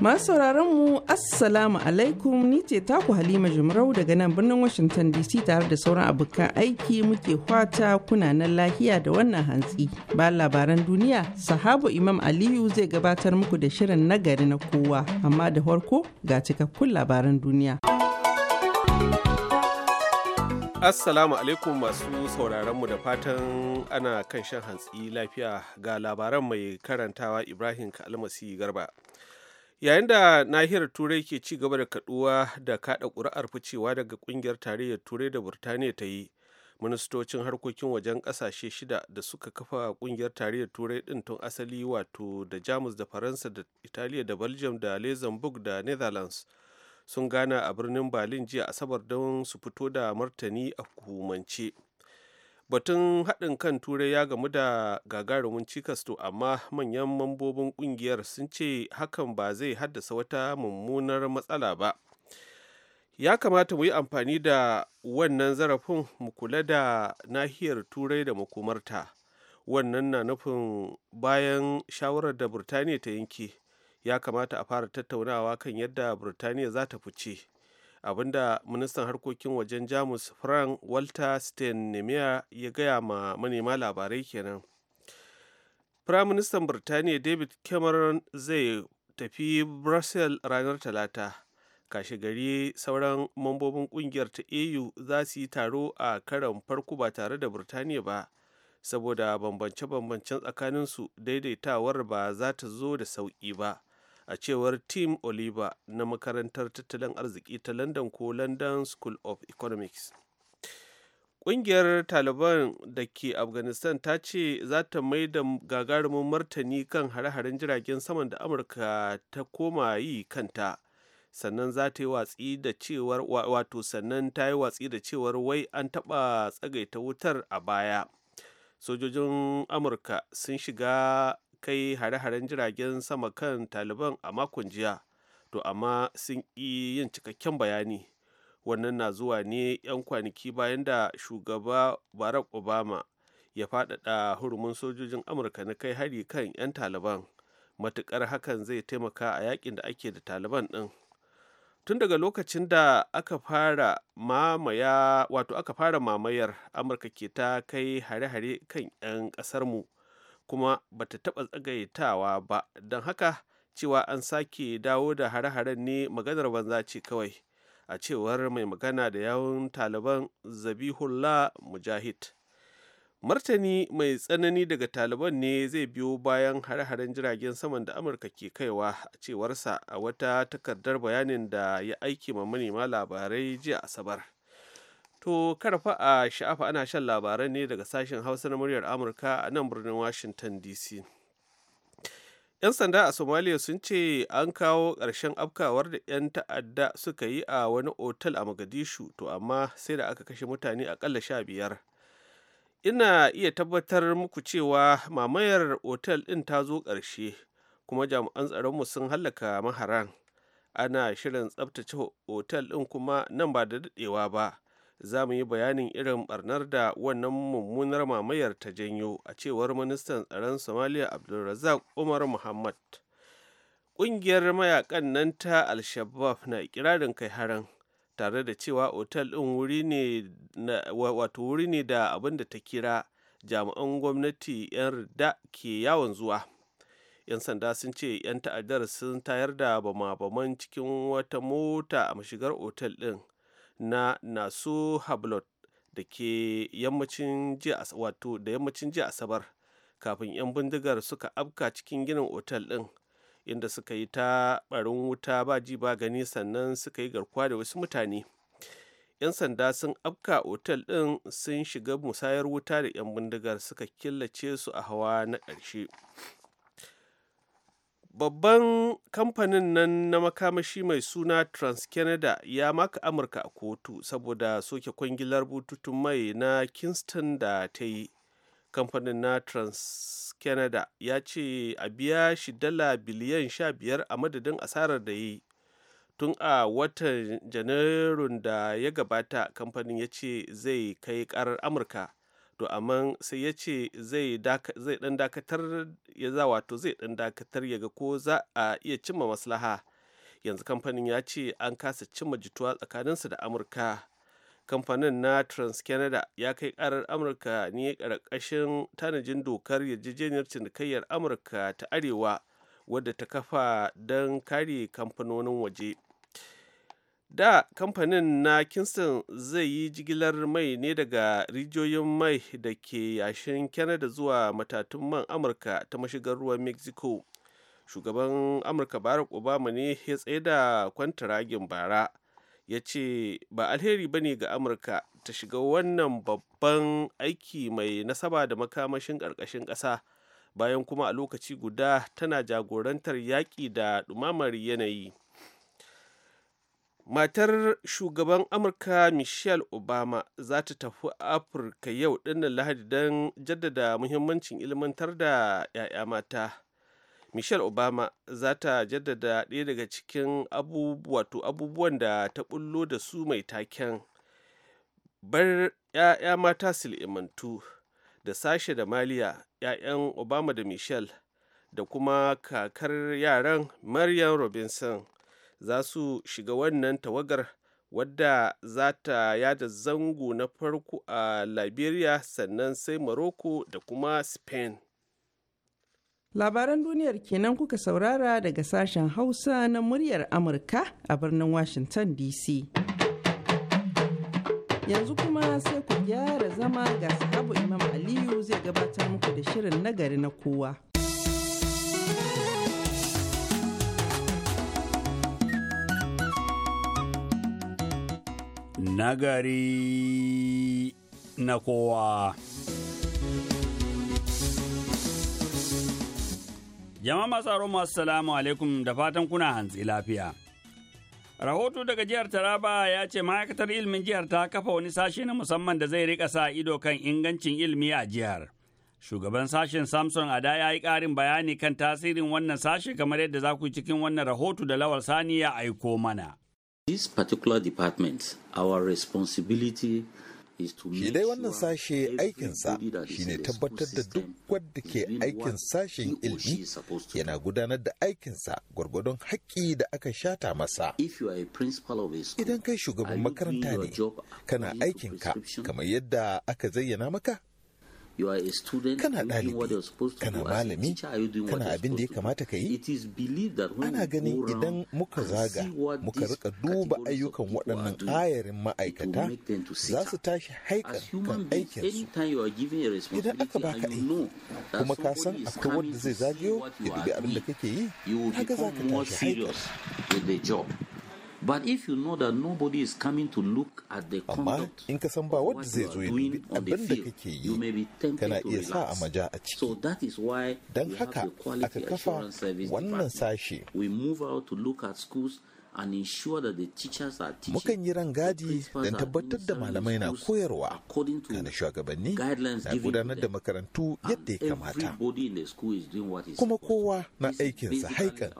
Masu mu Assalamu alaikum ni ce taku Halima Jumrau daga nan birnin Washington DC tare da sauran abokan aiki muke fata kuna nan lahiya da wannan hantsi. Ba labaran duniya, sahabu Imam Aliyu zai gabatar muku da shirin nagari na kowa, amma da farko ga cikakkun labaran duniya. Assalamu alaikum masu mu da fatan ana kan shan hantsi lafiya ga labaran mai karantawa Ibrahim Kalmasi Garba. yayin da nahiyar turai ke ci gaba da kaduwa da kada ƙuri'ar ficewa daga kungiyar tarayyar turai da burtaniya ta yi ministocin harkokin wajen ƙasashe shida da suka kafa kungiyar tarayyar turai din tun asali wato da jamus da faransa da italiya da belgium da luxembourg da netherlands sun gana a birnin berlin jiya asabar don su fito da martani a hukumance batun haɗin kan turai ya gamu da gagarumin cikas to amma manyan mambobin ƙungiyar sun ce hakan ba zai haddasa wata mummunar matsala ba ya kamata mu yi amfani da wannan zarafin mu kula da nahiyar turai da makomarta wannan na nufin bayan shawarar da Birtaniya ta yanke ya kamata a fara tattaunawa kan yadda Birtaniya za ta fice abinda ministan harkokin wajen jamus frank walter stein ya gaya ma manema labarai kenan firaministan birtaniya david cameron zai tafi brussels ranar talata kashe gari sauran mambobin kungiyar ta au za su yi taro a karan farko ba tare da birtaniya ba saboda bambance-bambancen tsakaninsu daidaitawar ba za ta zo da sauƙi ba a cewar tim oliver na makarantar tattalin arziki ta london ko london school of economics kungiyar taliban da ke afghanistan ta ce za ta mai da gagarumin martani kan hare-haren jiragen saman da amurka ta koma yi kanta sannan za ta yi watsi da cewar wato sannan ta yi watsi da cewar wai an taɓa tsagaita wutar a baya sojojin amurka sun shiga kai hare-haren jiragen sama kan taliban a makon jiya to amma sun ƙi yin cikakken bayani wannan na zuwa ne 'yan kwanaki bayan da shugaba barack obama ya faɗaɗa hurumin sojojin amurka na kai hari kan 'yan taliban matuƙar hakan zai taimaka a yakin da ake da taliban ɗin tun daga lokacin da aka fara wato aka fara mamayar amurka ke ta kai hare-hare kan 'yan ƙasarmu mu kuma bata taɓa tsagaitawa ba don haka cewa an sake dawo da hare-haren ne maganar banza ce kawai a cewar mai magana da yawun taliban zabihullah mujahid martani mai tsanani daga taliban ne zai biyo bayan hare-haren jiragen saman da amurka ke kaiwa a cewarsa a wata takardar bayanin da ya aiki ma manema labarai jiya asabar To karfa a sha'afa ana shan labaran ne daga sashen Hausa na muryar Amurka a nan birnin Washington DC. 'Yan sanda a Somalia sun ce an kawo ƙarshen afkawar da 'yan ta'adda suka yi a wani otal a Mogadishu to amma sai da aka kashe mutane aƙalla sha biyar. Ina iya tabbatar muku cewa mamayar otal ɗin ta zo ƙarshe kuma jami'an tsaronmu sun hallaka maharan. Ana shirin tsabtace otal ɗin kuma nan ba da daɗewa ba. za mu yi bayanin irin barnar da wannan mummunar mamayar ta janyo a cewar ministan tsaron somaliya abdulrazak umar muhammad ƙungiyar mayakan nan ta al-shabab na kirarin kai haran tare da cewa otal ɗin wato wuri ne da abin da ta kira jami'an gwamnati 'yan da ke yawon zuwa 'yan sanda sun ce 'yan ta'addar sun tayar da bama-baman cikin wata mota a mashigar otal ɗin na nasu hablot da ke yammacin jiya da asabar kafin 'yan bindigar suka afka cikin ginin otal ɗin inda suka yi ta barin wuta ba ji ba gani sannan suka yi garkuwa da wasu mutane 'yan sanda sun afka otal ɗin sun shiga musayar wuta da 'yan bindigar suka killace su a hawa na ƙarshe babban kamfanin nan na makamashi mai suna transcanada ya maka amurka a kotu saboda soke kwangilar bututun mai na kingston da ta yi kamfanin na transcanada ya ce a biya shi dala biliyan sha biyar a madadin asarar da ya yi tun a watan janairun da ya gabata kamfanin ya ce zai kai karar amurka to amma sai ya ce zai dan dakatar ya za wato zai dan dakatar ya ga ko za a iya cimma maslaha yanzu kamfanin ya ce an kasa cimma jituwa tsakaninsa da amurka kamfanin na transcanada ya kai karar amurka ne ƙarƙashin tanajin dokar yarjejeniyar cinikayyar amurka ta arewa wadda ta kafa don kare kamfanonin waje da kamfanin na kingston zai yi jigilar mai ne daga rijiyoyin mai da ke yashin canada zuwa matatun man amurka ta mashigar ruwan mexico shugaban amurka barack obama ne ya tsaye da kwantaragin bara ya ce ba alheri ba ga amurka ta shiga wannan babban aiki mai nasaba da makamashin ƙarƙashin ƙasa bayan kuma a lokaci guda tana jagorantar yaƙi da ɗumamar yanayi matar shugaban amurka michelle obama za ta tafi afirka yau dinnan lahadi don jaddada muhimmancin ilmantar da 'ya'ya mata michelle obama za ta jaddada ɗaya daga cikin abubuwan da ta bullo da su mai taken bar 'ya'ya mata sil'imantu da sashe da maliya 'ya'yan obama da michelle da kuma kakar yaran maryam robinson za su shiga wannan tawagar wadda za ta yada zango na farko a liberia sannan sai morocco da kuma spain labaran duniyar kenan kuka saurara daga sashen hausa na muryar amurka a birnin washington dc yanzu kuma sai ku gyara zama ga sahabu imam aliyu zai gabatar muku da shirin nagari na kowa nagari na kowa. Jama'a masu aron masu salamu alaikum da fatan kuna hantsi lafiya. Rahoto daga jihar Taraba ya ce ma'aikatar ilimin jihar ta kafa wani sashe na musamman da zai rika sa ido kan ingancin ilimi a jihar. Shugaban sashen Samson Ada ya yi ƙarin bayani kan tasirin wannan sashe kamar yadda za ku cikin wannan rahoto da Lawal Sani ya aiko mana. This department, our Shi dai wannan sashe aikinsa shine tabbatar da duk wadda ke aikin sashen ilmi yana gudanar da aikinsa gwargwadon haƙƙi da aka shata masa. Idan kai shugaban makaranta ne, kana aikinka kamar yadda aka zayyana maka, kana ɗalibi kana malami kana abin da ya kamata ka yi ana ganin idan muka zaga muka rika duba ayyukan waɗannan ayarin ma'aikata za su tashi haikar kan aikinsu idan aka baka aiki kuma ka san akwai wanda zai zagayo ya dubi abin da kake yi kaga za ka tashi haikar But if you know that nobody is coming to look at the Amma in ka san ba wanda zai zo ya dubi abin da kake yi kana iya sa a maja a ciki. So that is why don haka aka kafa wannan sashe. We move out to look at schools Mukan yi rangadi don tabbatar da malamai na koyarwa kana shugabanni na gudanar da makarantu yadda ya kamata. Kuma kowa na aikinsa haikan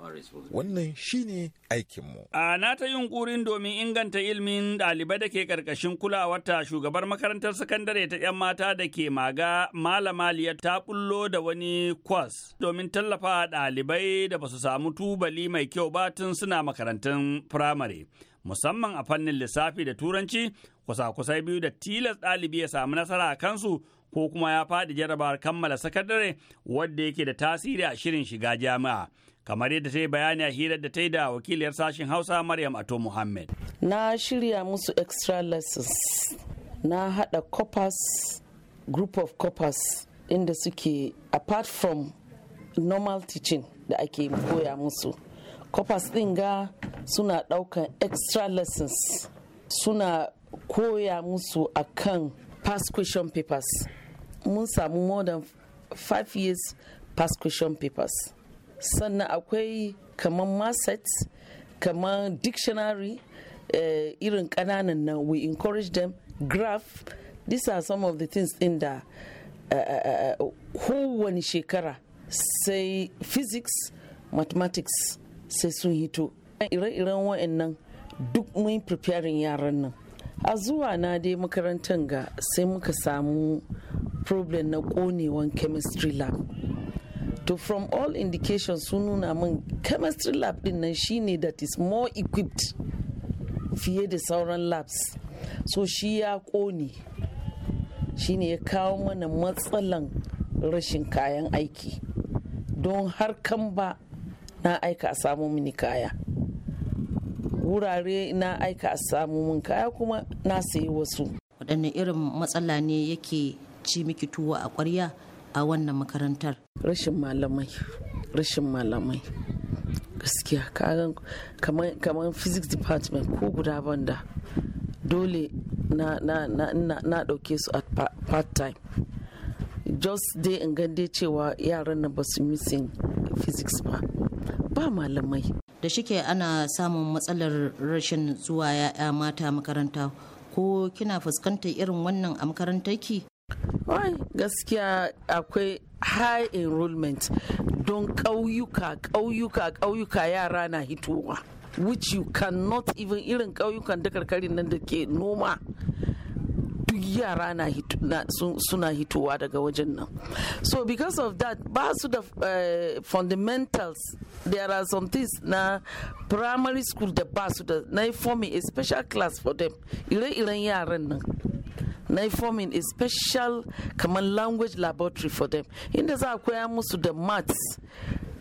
wannan shine aikinmu. A na ta yunkurin domin inganta ilimin ɗalibai da ke ƙarƙashin kulawarta shugabar makarantar sakandare ta 'yan mata da ke maga malama liya ta bullo da wani kwas domin tallafa ɗalibai da ba su samu tubali mai kyau ba tun suna makarantun makarantun firamare musamman a fannin lissafi da turanci kusa-kusai biyu da tilas ɗalibi ya samu nasara a kansu ko kuma ya faɗi jarabawar kammala sakandare wadda yake da tasiri a shirin shiga jami'a kamar yadda ta yi bayani a hirar da ta yi da wakiliyar sashen hausa maryam ato muhammad na shirya musu extra lessons na haɗa corpus group of corpus inda suke apart from normal teaching da ake koya musu corpus ɗin ga suna daukan extra lessons suna koya musu akan past question papers mun samu more than five years past question papers sannan akwai kamar masset kamar dictionary uh, irin kananan nan we encourage them graph these are some of the things in da eh, eh, kowane shekara sai physics mathematics sai sun hito ire-iren wa'annan duk mun preparing yaran nan a zuwa na dai makarantar ga sai muka samu problem na konewan chemistry lab to from all indications sun nuna min chemistry lab din nan shine that is more equipped fiye da sauran labs so shi ya kone shi ne ya kawo mana matsalan rashin kayan aiki don har kan ba na aika a samu mini kaya wurare na aika a samu mun kaya kuma na sayi wasu waɗanne irin matsala ne yake ci miki tuwo a ƙwarya a wannan makarantar rashin malamai rashin malamai gaskiya kamar physics department ko guda banda dole na na ɗauke su a part time just dai in gande cewa yaran na ba su missing physics ba ba malamai da shike ana samun matsalar rashin zuwa ya'ya mata makaranta ko kina fuskantar irin wannan a makarantarki Wai gaskiya akwai high enrollment don ƙauyuka ƙauyuka ƙauyuka yara na hitowa which you cannot even irin ƙauyukan da karkarin nan da ke noma duk yara na suna hitowa daga wajen nan so because of that ba su da eh, fundamentals there are some things na primary school da ba su da na forming a special class for them ire-iren yaran nan na forming a special kamar language laboratory for them inda za a koya musu da maths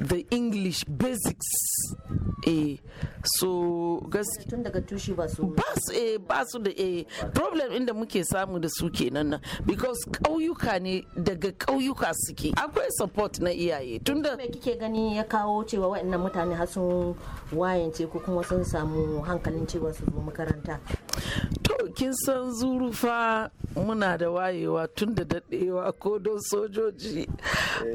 the english basics eh so gaskiya tun eh ba su da eh problem inda muke samu da su kenan nan because ƙauyuka ne daga ƙauyuka suke akwai support na iyaye tunda me kike gani ya kawo cewa waɗannan mutane har sun wayance ko kuma sun samu hankalin cewa su zo makaranta kin san zurufa muna da wayewa tun da daɗewa ko don sojoji eh.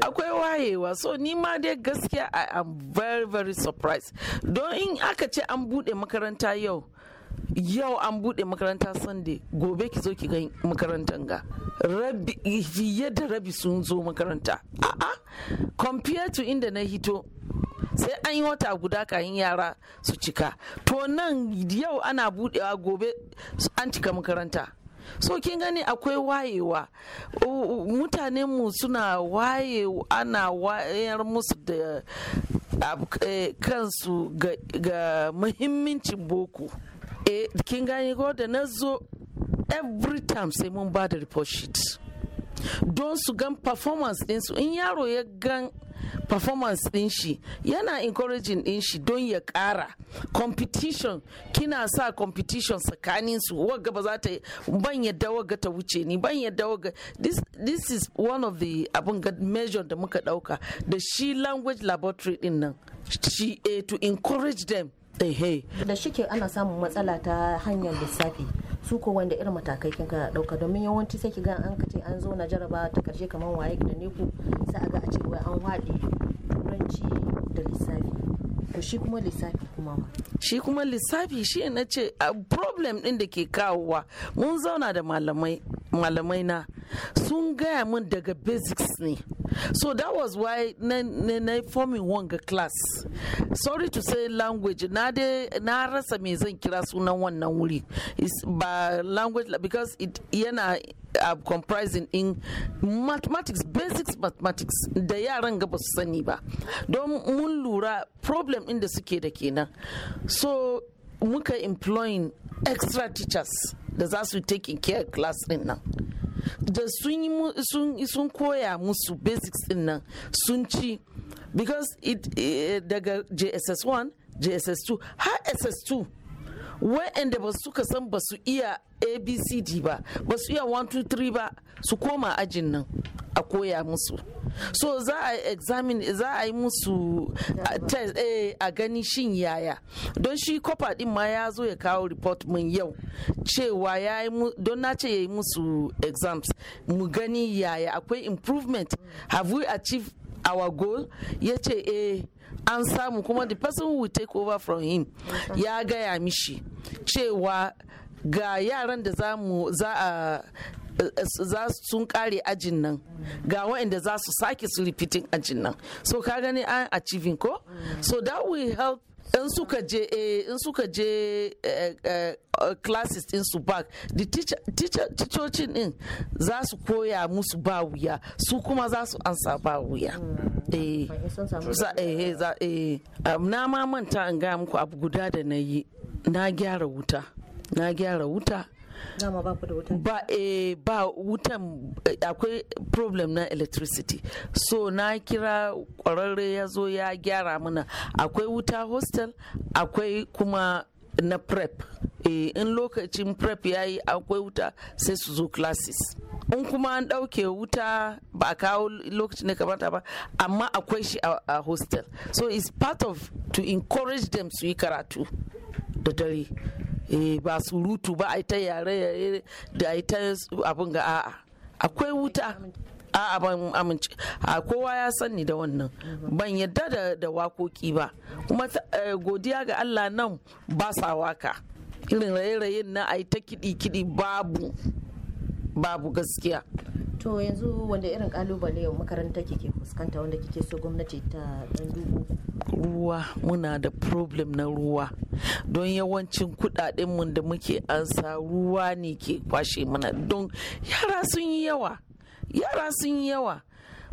akwai wayewa so ni ma dai gaskiya i am very very surprised don in aka ce an buɗe makaranta yau yau an buɗe makaranta sunday gobe ki zo ki ga makarantar ga rabi fiye da rabi sun zo makaranta a'a compare to inda na hito sai an yi wata guda kayan yara su cika to nan yau ana budewa gobe an cika makaranta so kin gani akwai wayewa mutanen mu suna waye ana wayar musu da eh, kansu ga muhimmancin boko e kin gani ko da na zo every time sai mun ba da report sheet don su gan performance ɗinsu in yaro ya gan performance din shi yana encouraging din shi don ya kara competition kina sa competition tsakanin su wagga ba za ta ban yadda wagga ta wuce ni ban yadda wagga this is one of the abun ga measure da muka dauka da shi language laboratory din nan shi eh, to encourage them eh, hey. da shike ana samun matsala ta hanyar lissafi su ko wanda irin matakai kin ka dauka domin yawanci sai kiga an kace an zo na jaraba ta karshe kamar waye da ne ku sai a ga a ce wai an waɗe turanci da lissafi to shi kuma lissafi kuma shi kuma lissafi shi na ce problem din da ke kawowa mun zauna da malamai malamai na sun gaya min daga basics ne so that was why na na forming wanga class sorry to say language na na rasa me zan kira sunan wannan wuri ba language because it yana uh, comprising in mathematics basics mathematics da yaran ga ba su sani ba don mun lura problem da suke da kenan so muka employing extra teachers da za su in care class din nan da sun koya musu basics din nan sun ci because it daga jss1 jss2 har ss2 wa'anda ba suka san ba su iya abcd ba ba su iya 123 ba su koma ajin nan a koya musu so za a examine za a yi musu test eh, a gani shin yaya don shi kofa din ma ya zo ya kawo report mun yau cewa ya yi don na ce ya yi musu exams mu gani yaya akwai improvement have we achieved our goal ya ce eh an samu kuma the person who will take over from him ya gaya mishi cewa ga yaran da za a za sun kare ajin nan ga waɗanda za su sake su repeating ajin nan so ka gani an achieving ko so that will help in suka je eh, in suka je eh, eh, classes din su back the teacher teacher din za su koya musu ba wuya su kuma za su ansa ba wuya hmm. eh um, na ma manta in ga muku abu guda da na yi na gyara wuta na gyara wuta ba eh, ba wutan eh, akwai problem na electricity so na kira kwararre ya zo ya gyara mana akwai wuta hostel akwai kuma na prep e, in lokacin prep ya yi akwai wuta sai su zo classes in kuma an ɗauke wuta ba a kawo lokacin da kamata ba amma akwai shi a, a hostel so it's part of to encourage them su yi karatu da dare eh ba surutu ba a ta yare da a ta abin ga a'a akwai wuta a'a ban amince a kowa ya sani da wannan ban yadda da da wakoki ba kuma eh, godiya ga Allah nan ba sa waka irin raye-rayen na a ta kiɗi-kiɗi babu babu gaskiya to yanzu wanda irin kalubale makaranta kike fuskanta wanda kike so gwamnati ta dan dubu ruwa muna da problem na ruwa don yawancin mu da muke ansa ruwa ne ke kwashe mana don yara sun yi yawa yara sun yi yawa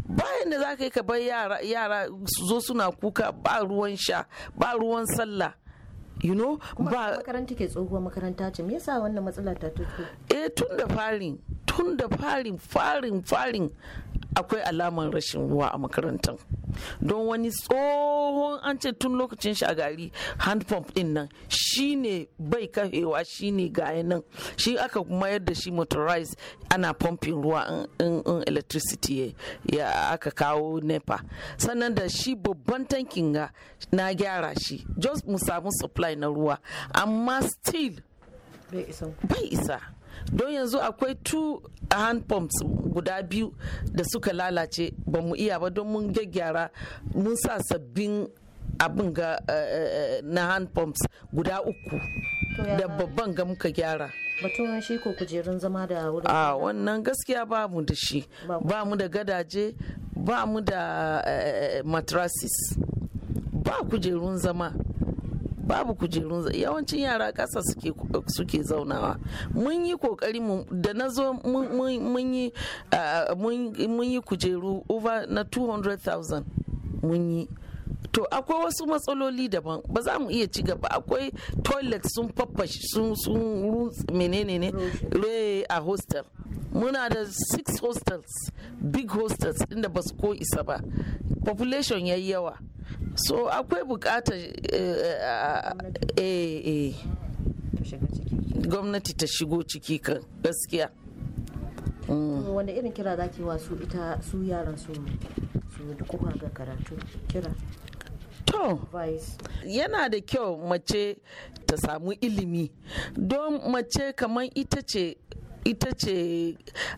bayan da za ka yi ka bar yara yara zo suna kuka ba ruwan sha ba ruwan sallah you know ba makaranta ke tsohuwa makaranta ce me yasa wannan matsala ta tuto eh tun da farin tun da farin farin farin akwai alamar rashin ruwa a makarantar don wani tsohon an ce tun lokacin shagari hand pump din nan ne bai shi ne gaya nan shi aka mayar da shi motorized ana pumping ruwa in electricity ya aka kawo nepa sannan da shi babban tankin ga na gyara shi just mu samu supply na ruwa amma still bai isa don yanzu akwai two hand pumps guda biyu da suka lalace ba mu iya ba don mun gyaggyara mun sa sabbin abin ga eh, eh, eh, na hand pumps guda uku da babban ga muka gyara batun shi ko kujerun zama da wurin ah, a wannan gaskiya ba mu da shi ba mu da gadaje ba mu da matrasis ba kujerun zama babu kujerun yawancin yara ƙasa suke zaunawa mun yi kokari da na zo mun yi kujeru over na 200,000 mun yi to akwai wasu matsaloli daban ba za mu iya ci gaba akwai toilet sun faffashi sun menene ne eh, a hostel muna da six hostels big hostels inda ba su ko isa ba population yayi yawa so akwai bukatar eh, eh, eh, gwamnati ta shigo ciki kan gaskiya mm. wanda irin kira za ki wasu ita su yaran su kuma ga karatu kira to yana da kyau mace ta samu ilimi don mace kamar ita ce ita ce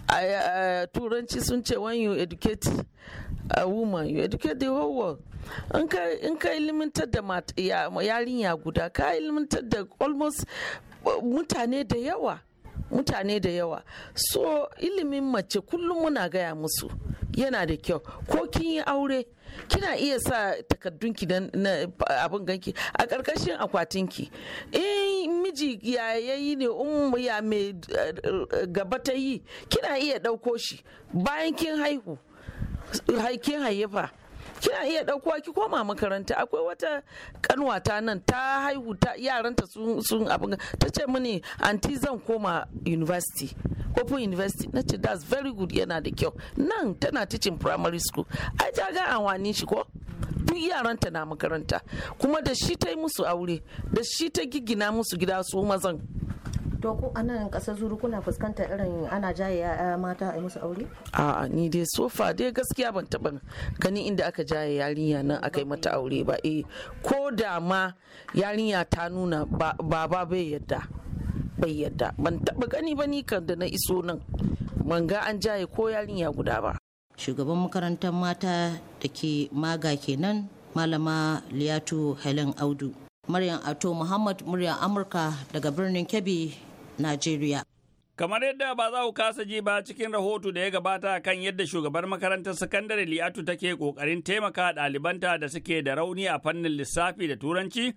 a turanci sun ce when you educate a woman you educate the whole world in ka ilimantar da yarinya guda ka ilimantar da almost mutane da yawa mutane da yawa so ilimin mace kullum muna gaya musu yana da kyau ko kin yi aure kina iya sa takardunki na abin ganki a ƙarƙashin akwatinki in miji ya yayi ne in ya mai eh, gaba ta yi kina iya ɗauko shi bayan kin haihu haike hayyafa kina iya ɗaukowa ki koma makaranta akwai wata kanwata nan ta haihu ta yaranta sun abin ta ce mini anti zan koma university open university na ce that's very good yana da kyau nan tana teaching primary school ai ta ga anwani shi ko duk yaranta na makaranta kuma da shi ta yi musu aure da shi ta gigina musu gida su mazan to ku a nan kasar zuru kuna fuskantar irin ana jaye mata a musu aure a'a ni dai sofa dai gaskiya ban taba gani inda aka jaye yarinya nan aka yi mata aure ba eh ko da ma yarinya ta nuna baba bai yadda bai yadda ban taba gani ba ni kan da na iso nan man ga an jaye ko yarinya guda ba shugaban makarantar mata da ke maga kenan malama liyatu helen audu maryam ato muhammad muryar amurka daga birnin kebbi Najeriya. Kamar yadda ba za ku kasa ji ba cikin rahoto da ya gabata kan yadda shugabar makarantar sakandare Li'atu take kokarin taimaka ɗalibanta da suke da rauni a fannin lissafi da turanci.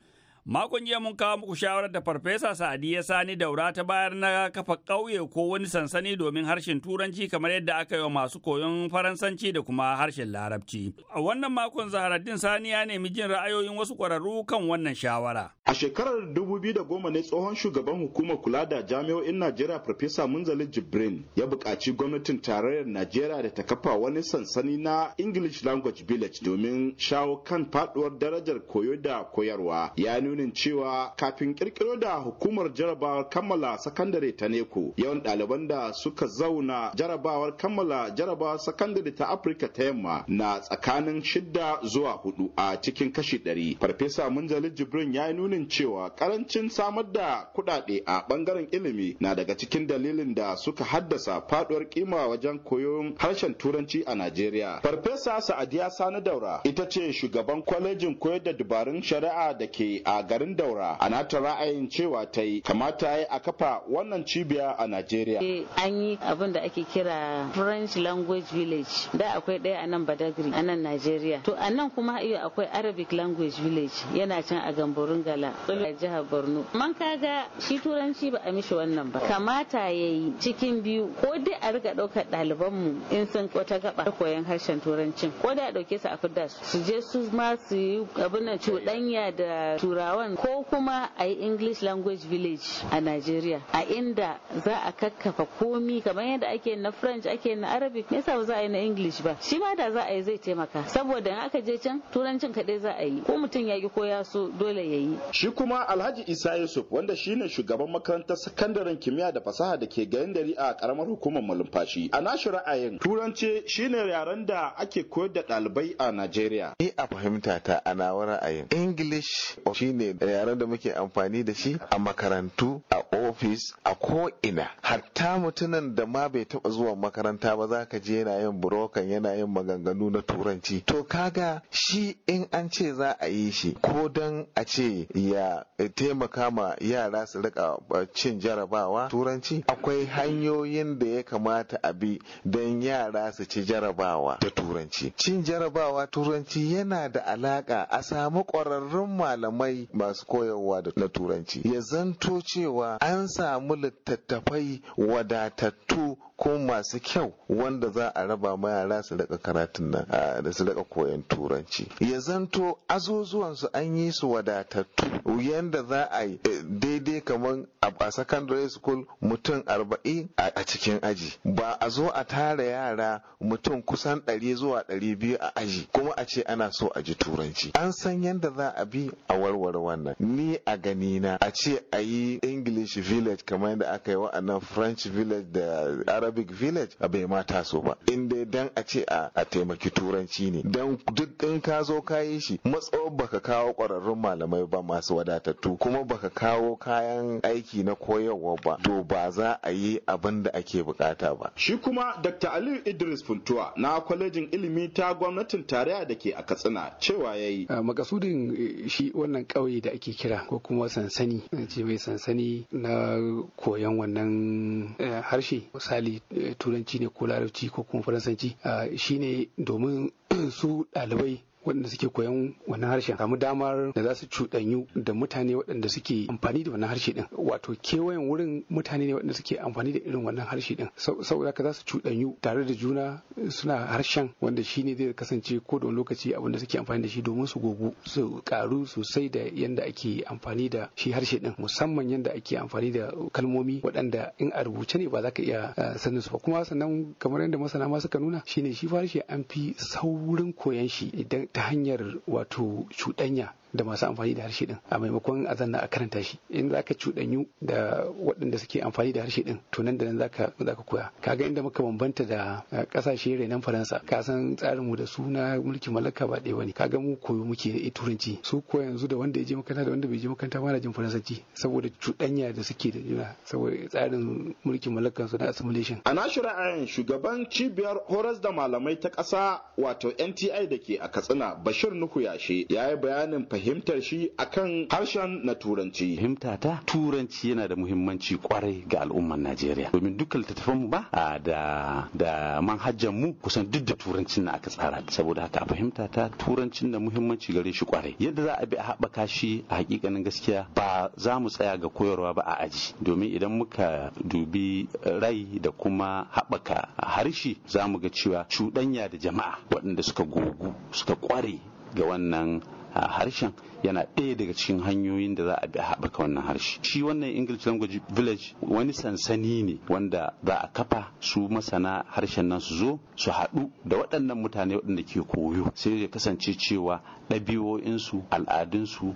Makon jiya mun kawo muku shawarar da Farfesa ya Sani Daura ta bayar na kafa ƙauye ko wani sansani domin harshen Turanci kamar yadda aka yi wa masu koyon Faransanci da kuma harshen Larabci. A wannan makon Zaharaddin Sani ya nemi jin ra'ayoyin wasu kwararru kan wannan shawara. A shekarar 2010 ne tsohon shugaban hukumar kula da jami'o'in Najeriya Farfesa Munzali Jibrin ya buƙaci gwamnatin tarayyar Najeriya da ta kafa wani sansani na English Language Village domin shawo kan faduwar darajar koyo da koyarwa. Ya nunin cewa kafin kirkiro da hukumar jarabawar kammala sakandare ta Neko, yawan ɗaliban da suka zauna jarabawar kammala jarabawar sakandare ta Afirka ta Yamma na tsakanin shidda zuwa hudu a cikin kashi ɗari. Farfesa Munzali Jibrin ya nuna ilimin cewa karancin samar da kuɗaɗe a bangaren ilimi na daga cikin dalilin da suka haddasa faɗuwar kima wajen koyon harshen turanci a Najeriya. Farfesa Sa'adiya Sani Daura ita ce shugaban kwalejin koyar da dabarun shari'a da ke a garin Daura. A nata ra'ayin cewa ta yi kamata ya yi a kafa wannan cibiya a Najeriya. Eh, an yi abin da ake kira French Language Village. Da akwai ɗaya a nan Badagri a nan Najeriya. To a nan kuma akwai Arabic Language Village yana can a Gamborun Gala. a jihar Borno man kaga shi turanci ba a mishi wannan ba kamata ya yi cikin biyu ko dai a riga ɗaukar ɗaliban mu in sun wata gaba koyan harshen turancin ko da a ɗauke su a fidda su je su ma su yi abin cuɗanya da turawan ko kuma a yi English language village a Najeriya a inda za a kakkafa komi kamar yadda ake na French ake na Arabic me yasa ba za a yi na English ba shi ma da za a yi zai taimaka saboda in aka je can turancin kaɗai za a yi ko mutum ya ki ko ya so dole ya yi Shi kuma Alhaji Isa Yusuf wanda shine shugaban makarantar sakandaren kimiyya da fasaha da ke garin dari a karamar hukumar malumfashi. A nashi ra'ayin turanci shine yaren da ake koyar da ɗalibai a Najeriya. Ni a fahimta ta a nawa ra'ayin English shine yaren da muke amfani da shi a makarantu, a ofis, a ko ina. Hatta mutumin da ma bai taɓa zuwa makaranta ba za ka je yana yin burokan yana yin maganganu na turanci. To kaga shi in an ce za a yi shi ko don a ce ya taimaka ma yara su rika cin jarabawa turanci akwai hanyoyin da ya kamata a bi don yara su ci jarabawa da turanci cin jarabawa turanci yana da alaka a samu ƙwararrun malamai masu koyarwa da na turanci ya zanto cewa an samu littattafai wadatattu ko masu kyau wanda za a raba ma yara su daga karatun nan da su daga koyon turanci ya zanto azuzuwansu an yi su wadatattu yanda za a yi eh, daidai kamar a secondary school mutum arba'in a cikin aji ba a zo a tara yara mutum kusan ɗari zuwa ɗari biyu a aji kuma a ce ana so a ji turanci an san yadda za a bi a warware wannan ni a gani na. a ce a yi english village kamar yadda aka yi wa'annan french village da arabic village a bai ma taso ba in dai dan a ce a taimaki turanci ne dan duk in ka zo ka yi shi matso baka kawo ƙwararrun malamai ba masu wadatattu kuma baka kawo kayan aiki na koyarwa ba to ba za a yi abin da ake bukata ba shi kuma dr aliyu idris funtuwa na kwalejin ilimi ta gwamnatin tarayya da ke a katsina cewa ya yi makasudin eh, shi wannan ƙauye da ake kira ko kuma sansani ce mai sansani na koyon wannan eh, harshe misali Eh, turanci ne ko larabci ko kuma faransanci ah, shine domin su ɗalibai waɗanda suke koyan wannan harshen samu damar da za su cuɗanyu da mutane waɗanda suke amfani da wannan harshe ɗin wato kewayen wurin mutane ne waɗanda suke amfani da irin wannan harshe ɗin saboda ka za su cuɗanyu tare da juna suna harshen wanda shi ne zai kasance ko da wani lokaci abin suke amfani da shi domin su gogu su karu sosai da yanda ake amfani da shi harshe ɗin musamman yanda ake amfani da kalmomi waɗanda in a rubuce ne ba za ka iya eh, sanin su ba kuma sannan kamar yadda masana ma suka nuna shine shi harshe an fi saurin koyan shi idan ta hanyar wato cuɗanya da masu amfani da harshe din a maimakon a zanna a karanta shi in zaka cuɗanyu da waɗanda suke amfani da harshe din to nan da nan zaka zaka koya kaga inda muka bambanta da eh, ƙasashe renan faransa ka san tsarinmu da suna mulkin mallaka ba ɗaya bane kaga mu koyo muke da turanci su ko yanzu da wanda ya je makaranta da wanda bai je makaranta ba na jin faransanci saboda cuɗanya da suke da juna saboda tsarin mulkin mallakan su na assimilation a nashura ra'ayin shugaban cibiyar horas da malamai ta ƙasa wato NTI da ke a Katsina Bashir Nuhu Yashe ya yi bayanin fahimta fahimtar shi akan harshen na turanci fahimta ta turanci yana da muhimmanci kwarai ga al'ummar najeriya domin dukkan littattafan mu ba da da manhajar mu kusan duk da turancin na aka tsara saboda haka a fahimta ta turancin da muhimmanci gare shi kwarai yadda za a bi a haɓaka shi a hakikanin gaskiya ba za mu tsaya ga koyarwa ba a aji domin idan muka dubi rai da kuma haɓaka harshe za mu ga cewa cuɗanya da jama'a waɗanda suka gogu suka kware ga wannan harshen yana ɗaya daga cikin hanyoyin da za a bi haɓaka wannan harshe shi wannan english language village wani sansani ne wanda za a kafa su masana harshen nan su zo su haɗu da waɗannan mutane waɗanda ke koyo sai ya kasance cewa ɗabi'o'insu al'adunsu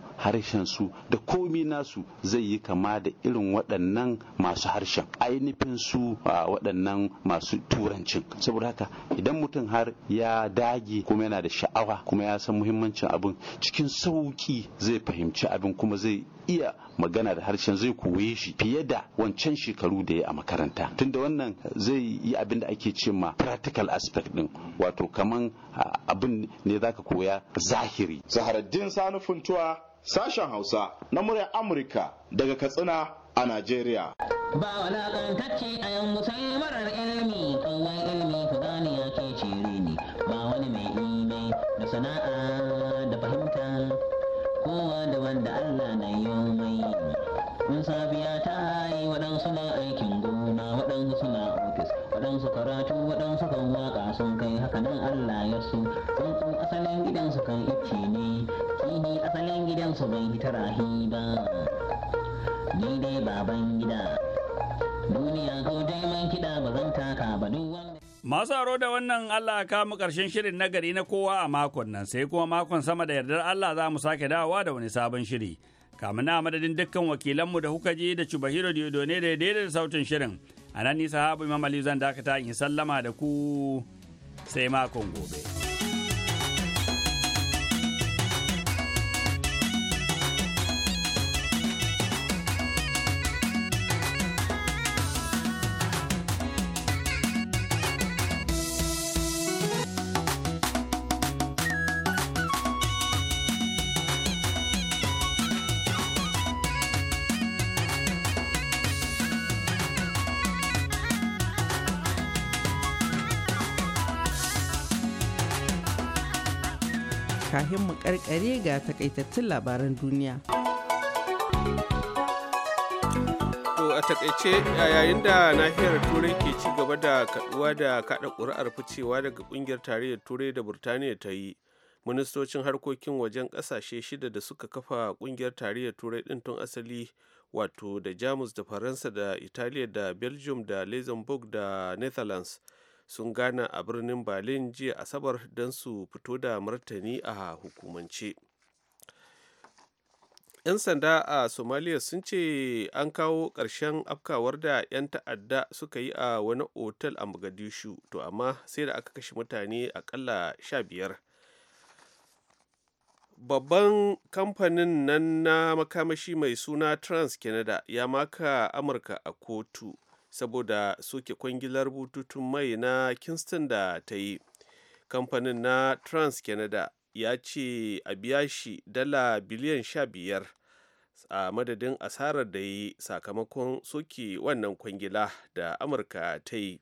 su da komi nasu zai yi kama da irin waɗannan masu harshen ainihin su waɗannan masu turancin saboda haka idan mutum har ya dage kuma yana da sha'awa kuma ya san muhimmancin abin cikin sauƙi zai fahimci abin kuma zai iya magana da harshen zai koye shi fiye da wancan shekaru da ya a makaranta tunda wannan zai yi abin da ake ce ma practical aspect din wato kaman abin ne zaka koya zahiri zaharaddin sani funtuwa sashen hausa na murya amurka daga katsina a najeriya ba walakantacce a yan musayyarar ilimi kowa ilimi ku ya ke ciri ne ba wani mai ilimi da sana'a Wanda Allah na yi yomai mun safiya ta yi waɗansu na aikin gona waɗansu suna ofis waɗansu karatu waɗansu kan waka sun kai haka nan Allah ya so sun kun asalin gidansu kan ice ne kini asalin gidansu bai hitarahi ba daidai baban gida duniya dai man kiɗa ba zan taka ba duk Masu aro da wannan Allah ka mu karshen shirin nagari na kowa a makon nan sai kuma makon sama da yardar Allah za mu sake dawowa da wani sabon shiri. Kamun na madadin dukkan wakilanmu da kuka je da cuba Diodo ne da daidai da sautin shirin. A nan nisa habu Imam zan dakata in sallama da ku sai makon gobe. karkare ga takaitattun labaran duniya. a takaice yayin da nahiyar turai ke ci gaba da kaduwa da kada kuri'ar ficewa daga kungiyar tarayyar turai da burtaniya ta yi ministocin harkokin wajen kasashe shida da suka kafa kungiyar tarayyar turai din tun asali wato da jamus da faransa da italiya da belgium da luxembourg da netherlands sun gana a birnin berlin jiya asabar don su fito da martani a hukumance 'yan sanda a somaliya sun ce an kawo ƙarshen afkawar da 'yan ta'adda suka yi a wani otal a mogadishu to amma sai da aka kashe mutane akalla sha biyar babban kamfanin nan na makamashi mai suna trans canada ya maka amurka a kotu saboda soke kwangilar bututun mai na kingston da ta yi kamfanin na trans canada ya ce a biya shi dala biliyan sha biyar a madadin asarar da yi sakamakon soke wannan kwangila da amurka ta yi